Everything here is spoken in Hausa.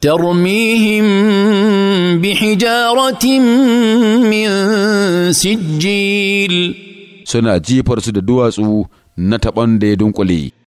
ترميهم بحجارة من سجيل سنة جيبر سد دواسو نتبان دي دنقلي